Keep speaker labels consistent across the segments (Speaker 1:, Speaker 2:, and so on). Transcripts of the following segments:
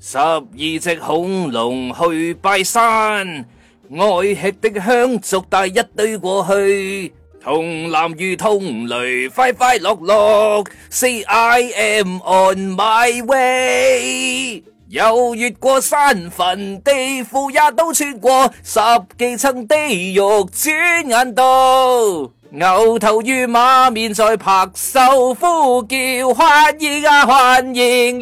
Speaker 1: 十二隻恐龍去拜山，愛吃的香燭帶一堆過去。童男與童女，快快樂樂。say I am on my way，又越過山墳地府，也都穿過十幾層地獄，轉眼到牛頭與馬面在拍手呼叫，歡迎啊歡迎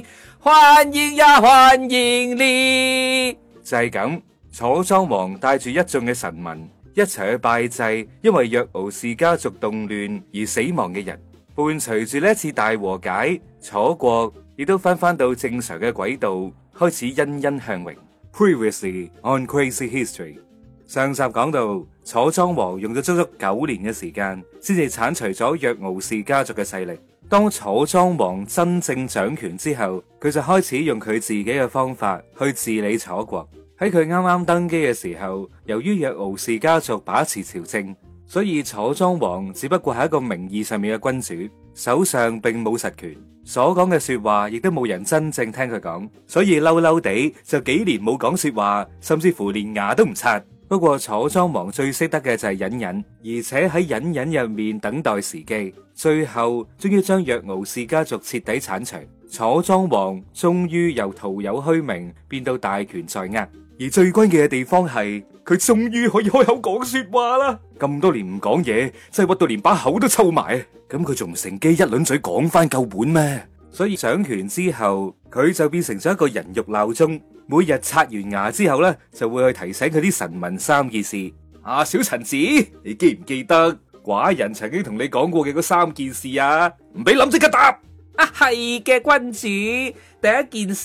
Speaker 1: 你！」歡迎呀，歡迎你！就係咁，楚莊王帶住一眾嘅臣民一齊去拜祭，因為若敖氏家族動亂而死亡嘅人。伴隨住呢次大和解，楚國亦都翻翻到正常嘅軌道，開始欣欣向榮。Previously on Crazy History，上集講到楚莊王用咗足足九年嘅時間，先至鏟除咗若敖氏家族嘅勢力。當楚莊王真正掌權之後，佢就開始用佢自己嘅方法去治理楚國。喺佢啱啱登基嘅時候，由於若敖氏家族把持朝政，所以楚莊王只不過係一個名義上面嘅君主，手上並冇實權，所講嘅說話亦都冇人真正聽佢講，所以嬲嬲地就幾年冇講說話，甚至乎連牙都唔刷。不過楚莊王最識得嘅就係隱忍，而且喺隱忍入面等待時機，最後終於將若敖氏家族徹底鏟除。楚莊王終於由徒有虛名變到大權在握，而最關鍵嘅地方係佢終於可以開口講說話啦！咁多年唔講嘢，真係屈到連把口都抽埋，咁佢仲唔乘機一輪嘴講翻夠本咩？所以掌權之後，佢就變成咗一個人肉鬧鐘。每日刷完牙之後呢，就會去提醒佢啲臣民三件事。阿、啊、小臣子，你記唔記得寡人曾經同你講過嘅嗰三件事啊？唔俾諗即刻答。啊，係嘅，君主。第一件事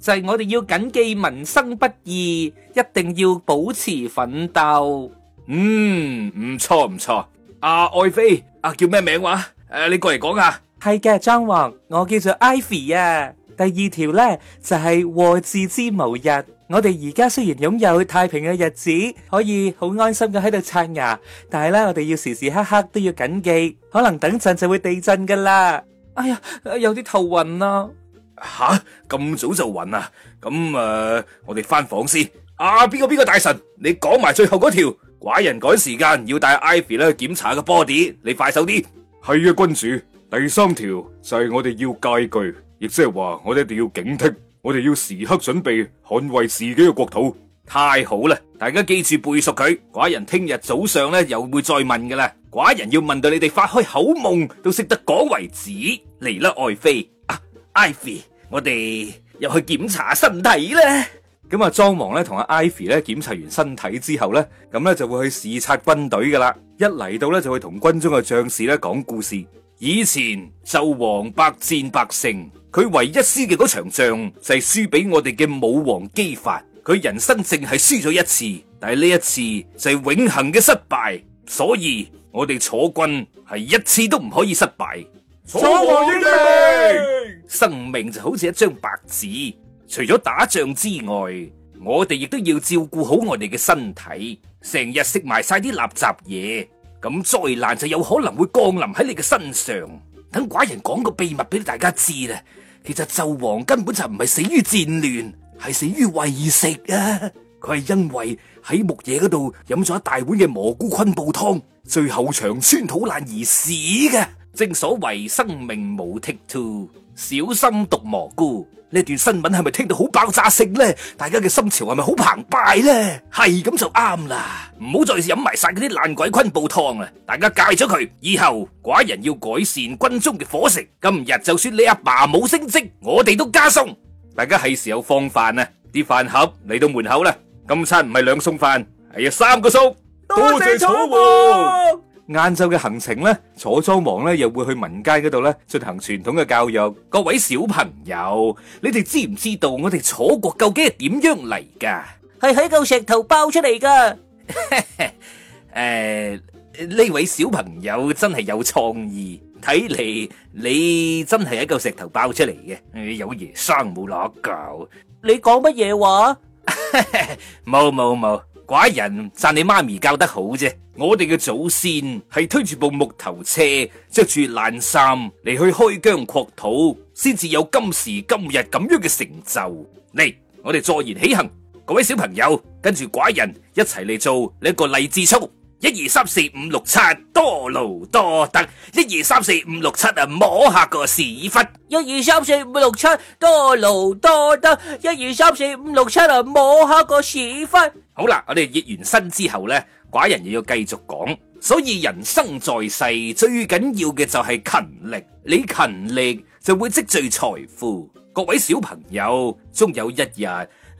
Speaker 1: 就係我哋要謹記民生不易，一定要保持奮鬥。嗯，唔錯唔錯。阿、啊、愛妃，啊，叫咩名話、啊？誒、啊，你過嚟講啊。係嘅，莊王，我叫做艾菲啊。第二條呢，就係禍至之無日。我哋而家雖然擁有太平嘅日子，可以好安心嘅喺度刷牙，但係呢，我哋要時時刻刻都要謹記，可能等陣就會地震噶啦。哎呀，有啲頭暈啊！吓咁、啊、早就暈啊！咁誒、呃，我哋翻房先。啊，邊個邊個大神，你講埋最後嗰條。寡人趕時間，要帶 Ivy 咧去檢查個 body，你快手啲。係啊，君主。第三條就係我哋要戒懼。亦即係話，我哋一定要警惕，我哋要時刻準備捍衛自己嘅國土。太好啦！大家記住背熟佢，寡人聽日早上咧又會再問噶啦。寡人要問到你哋發開口夢都識得講為止。嚟啦，愛妃啊，Ivy，我哋又去檢查身體啦。咁啊，莊王咧同阿 Ivy 咧檢查完身體之後咧，咁咧就會去視察軍隊噶啦。一嚟到咧，就會同軍中嘅將士咧講故事。以前紂王百戰百勝，佢唯一輸嘅嗰場仗就係輸俾我哋嘅武王姬發，佢人生淨係輸咗一次，但係呢一次就係永恒嘅失敗。所以我哋楚軍係一次都唔可以失敗。楚王英明，生命就好似一張白紙，除咗打仗之外，我哋亦都要照顧好我哋嘅身體，成日食埋晒啲垃圾嘢，咁災難就有可能會降臨喺你嘅身上。等寡人講個秘密俾大家知啦。其實紂王根本就唔係死於戰亂，係死於為食啊！佢係因為喺牧野嗰度飲咗一大碗嘅蘑菇昆布湯，最後腸穿肚爛而死嘅。正所謂生命無 take two，小心毒蘑菇。呢段新聞係咪聽到好爆炸性咧？大家嘅心潮係咪好澎湃咧？係咁就啱啦，唔好再飲埋晒嗰啲爛鬼昆布湯！啊！大家戒咗佢，以後寡人要改善軍中嘅伙食。今日就算你阿爸冇升職，我哋都加餸。大家係時候放飯啦，啲飯盒嚟到門口啦。今餐唔係兩餸飯，係有三個餸。多謝楚王。晏晝嘅行程咧，楚莊王咧又會去民間嗰度咧進行傳統嘅教育。各位小朋友，你哋知唔知道我哋楚國究竟係點樣嚟噶？係喺嚿石頭爆出嚟噶。誒，呢位小朋友真係有創意，睇嚟，你真係喺嚿石頭爆出嚟嘅。有爺生冇乸教，你講乜嘢話？冇冇冇。寡人讚你媽咪教得好啫！我哋嘅祖先係推住部木頭車，着住爛衫嚟去開疆擴土，先至有今時今日咁樣嘅成就。嚟，我哋坐言起行，各位小朋友跟住寡人一齊嚟做呢個勵志操。一二三四五六七，1> 1, 2, 3, 4, 5, 6, 7, 多勞多得。一二三四五六七啊，摸下個屎忽。一二三四五六七，多勞多得。一二三四五六七啊，摸下個屎忽。好啦，我哋熱完身之後呢，寡人又要繼續講。所以人生在世最緊要嘅就係勤力，你勤力就會積聚財富。各位小朋友，終有一日。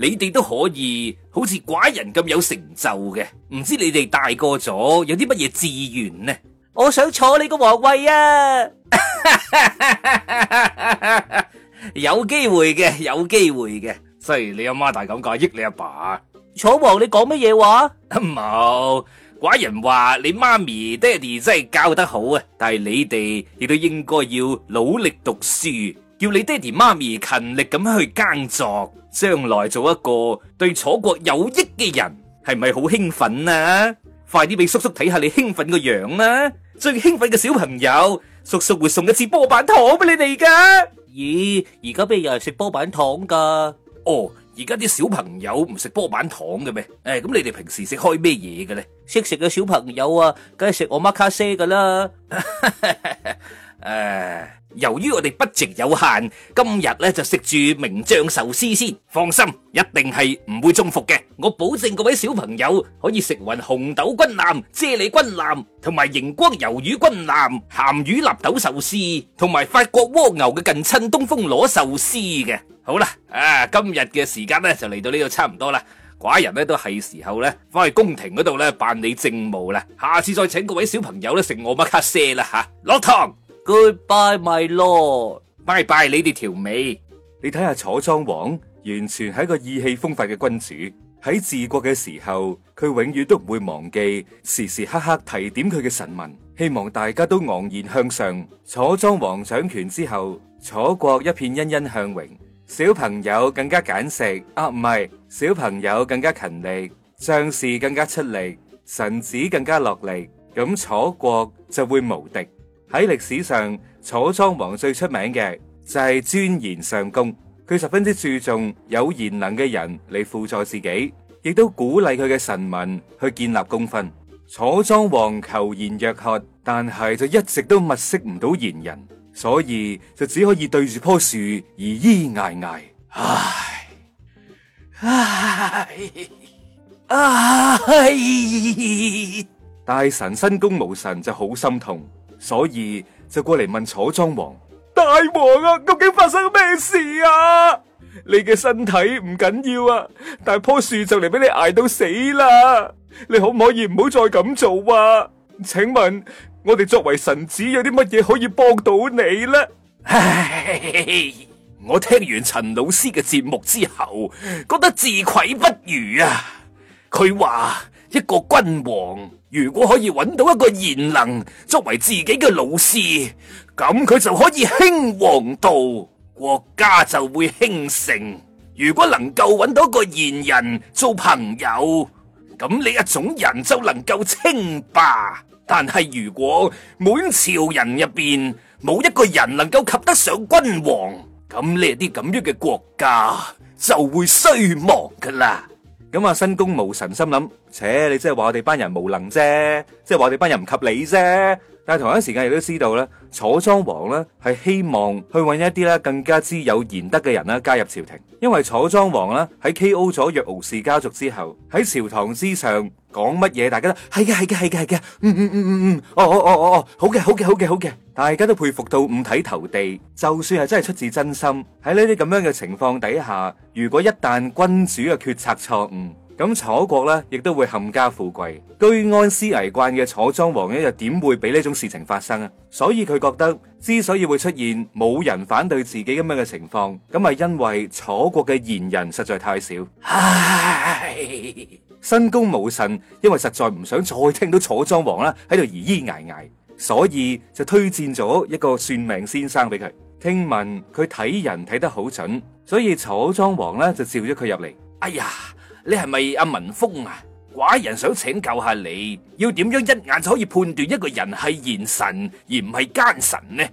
Speaker 1: 你哋都可以好似寡人咁有成就嘅，唔知你哋大個咗有啲乜嘢志願呢？我想坐你個皇位啊 有！有機會嘅，有機會嘅。雖然你阿媽大咁講，益你阿爸，爸。楚王，你講乜嘢話？冇，寡人話你媽咪爹哋真係教得好啊，但係你哋亦都應該要努力讀書，叫你爹哋媽咪勤力咁去耕作。將來做一個對楚國有益嘅人，係咪好興奮啊？快啲俾叔叔睇下你興奮個樣啦！最興奮嘅小朋友，叔叔會送一支波板糖俾你哋噶。咦，而家咩又係食波板糖噶？哦，而家啲小朋友唔食波板糖嘅咩？誒，咁你哋平時食開咩嘢嘅咧？識食嘅小朋友啊，梗係食我媽卡西噶啦。誒。由於我哋 budget 有限，今日咧就食住名將壽司先。放心，一定係唔會中伏嘅，我保證各位小朋友可以食勻紅豆軍艦、啫喱軍艦、同埋熒光魷魚軍艦、鹹魚納豆壽司，同埋法國蝸牛嘅近親東風螺壽司嘅。好啦，啊，今日嘅時間咧就嚟到呢度差唔多啦，寡人咧都係時候咧翻去宮廷嗰度咧辦理政務啦。下次再請各位小朋友咧食 omakase 啦吓，落堂。Goodbye, my lord！拜拜你哋條尾。你睇下楚莊王，完全係一個意氣風發嘅君主。喺治國嘅時候，佢永遠都唔會忘記，時時刻刻，刻提點佢嘅臣民，希望大家都昂然向上。楚莊王掌權之後，楚國一片欣欣向榮。小朋友更加儉食啊，唔係，小朋友更加勤力，將士更加出力，臣子更加落力，咁楚國就會無敵。喺歷史上，楚莊王最出名嘅就係尊賢上功，佢十分之注重有賢能嘅人嚟輔助自己，亦都鼓勵佢嘅臣民去建立功勳。楚莊王求賢若渴，但係就一直都物色唔到賢人，所以就只可以對住棵樹而依挨挨。唉唉唉！大神身公無臣，就好心痛。所以就過嚟問楚莊王：大王啊，究竟發生咩事啊？你嘅身體唔緊要啊，但係棵樹就嚟俾你挨到死啦！你可唔可以唔好再咁做啊？請問我哋作為臣子有啲乜嘢可以幫到你咧？唉， 我聽完陳老師嘅節目之後，覺得自愧不如啊！佢話一個君王。如果可以揾到一個賢能作為自己嘅老師，咁佢就可以興王道，國家就會興盛。如果能夠揾到一個賢人做朋友，咁呢一種人就能夠稱霸。但係如果滿朝人入邊冇一個人能夠及得上君王，咁呢啲咁樣嘅國家就會衰亡噶啦。咁啊，新公無神心，心諗，且你即係話我哋班人無能啫，即係話我哋班人唔及你啫。但係同一時間亦都知道咧，楚莊王咧係希望去揾一啲咧更加之有賢德嘅人啦，加入朝廷，因為楚莊王咧喺 KO 咗若敖氏家族之後，喺朝堂之上講乜嘢，大家都係嘅係嘅係嘅係嘅，嗯嗯嗯嗯嗯，哦哦哦哦哦，好嘅好嘅好嘅好嘅，大家都佩服到五體投地，就算係真係出自真心，喺呢啲咁樣嘅情況底下，如果一旦君主嘅決策錯誤，咁楚國咧，亦都會冚家富貴，居安思危慣嘅楚莊王又點會俾呢種事情發生啊？所以佢覺得之所以會出現冇人反對自己咁樣嘅情況，咁係因為楚國嘅賢人實在太少。唉， 申公巫臣，因為實在唔想再聽到楚莊王啦喺度依依挨挨，所以就推薦咗一個算命先生俾佢。聽聞佢睇人睇得好準，所以楚莊王咧就召咗佢入嚟。哎呀！你係咪阿文峰啊？寡人想請教下你，要點樣一眼就可以判斷一個人係賢臣而唔係奸臣呢？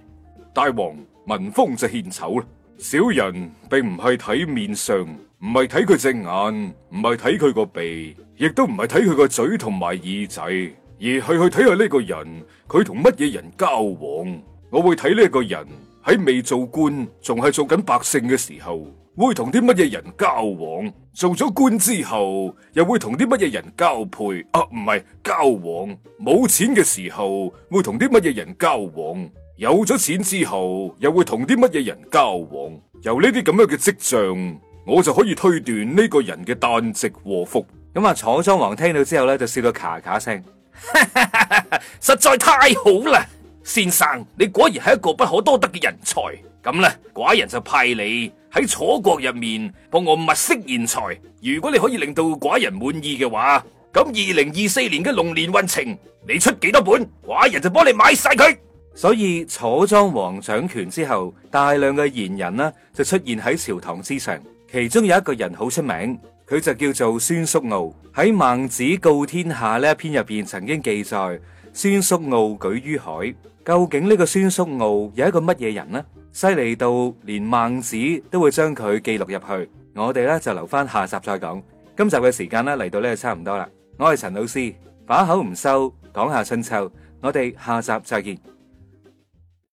Speaker 1: 大王，文峰就獻醜啦。小人並唔係睇面相，唔係睇佢隻眼，唔係睇佢個鼻，亦都唔係睇佢個嘴同埋耳仔，而係去睇下呢個人佢同乜嘢人交往。我會睇呢個人喺未做官，仲係做緊百姓嘅時候。會同啲乜嘢人交往？做咗官之後又會同啲乜嘢人交配？啊，唔係交往。冇錢嘅時候會同啲乜嘢人交往？有咗錢之後又會同啲乜嘢人交往？由呢啲咁樣嘅跡象，我就可以推斷呢個人嘅旦夕禍福。咁、嗯、啊，楚莊王聽到之後咧，就笑到咔咔聲， 實在太好啦！先生，你果然係一個不可多得嘅人才。咁呢，寡人就派你喺楚國入面幫我物色賢才。如果你可以令到寡人滿意嘅話，咁二零二四年嘅龍年運程，你出幾多本，寡人就幫你買晒佢。所以楚莊王掌權之後，大量嘅賢人呢就出現喺朝堂之上，其中有一個人好出名，佢就叫做孫叔敖。喺孟子告天下呢一篇入邊曾經記載。孫叔敖舉於海，究竟呢個孫叔敖有一個乜嘢人呢？犀利到連孟子都會將佢記錄入去。我哋咧就留返下集再講。今集嘅時間咧嚟到呢度差唔多啦。我係陳老師，把口唔收，講下春秋。我哋下集再見。